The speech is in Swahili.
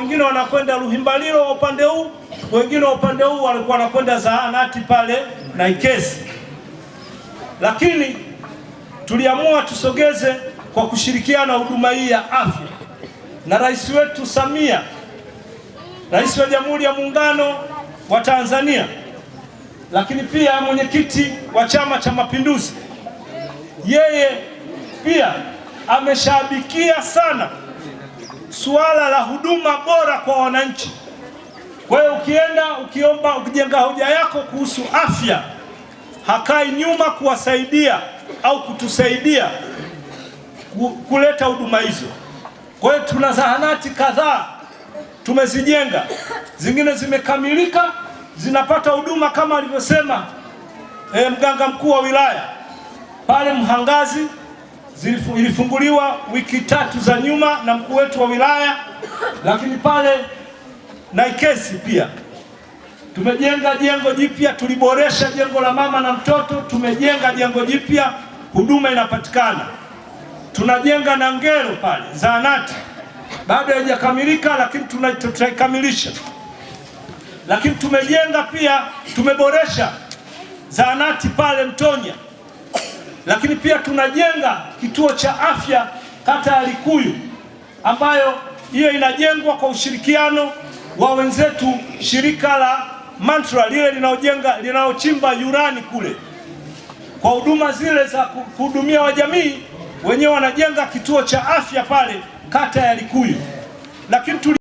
wengine wanakwenda Ruhimbalilo wa upande huu, wengine wa upande huu walikuwa wanakwenda zahanati pale na Ikezi, lakini tuliamua tusogeze kwa kushirikiana huduma hii ya afya na rais wetu Samia, rais wa Jamhuri ya Muungano wa Tanzania, lakini pia mwenyekiti wa Chama cha Mapinduzi, yeye pia ameshabikia sana suala la huduma bora kwa wananchi. Kwa hiyo ukienda ukiomba, ukijenga hoja yako kuhusu afya, hakai nyuma kuwasaidia au kutusaidia kuleta huduma hizo. Kwa hiyo tuna zahanati kadhaa tumezijenga, zingine zimekamilika, zinapata huduma kama alivyosema e, mganga mkuu wa wilaya pale Mhangazi ilifunguliwa wiki tatu za nyuma na mkuu wetu wa wilaya, lakini pale na Ikesi pia tumejenga jengo jipya, tuliboresha jengo la mama na mtoto, tumejenga jengo jipya, huduma inapatikana. Tunajenga na Ngero pale zahanati, bado haijakamilika, lakini tutaikamilisha. Lakini tumejenga pia, tumeboresha zahanati pale Mtonya lakini pia tunajenga kituo cha afya kata ya Likuyu ambayo hiyo inajengwa kwa ushirikiano wa wenzetu shirika la Mantra lile linaojenga linalochimba yurani kule kwa huduma zile za kuhudumia wajamii, wenyewe wanajenga kituo cha afya pale kata ya Likuyu, lakini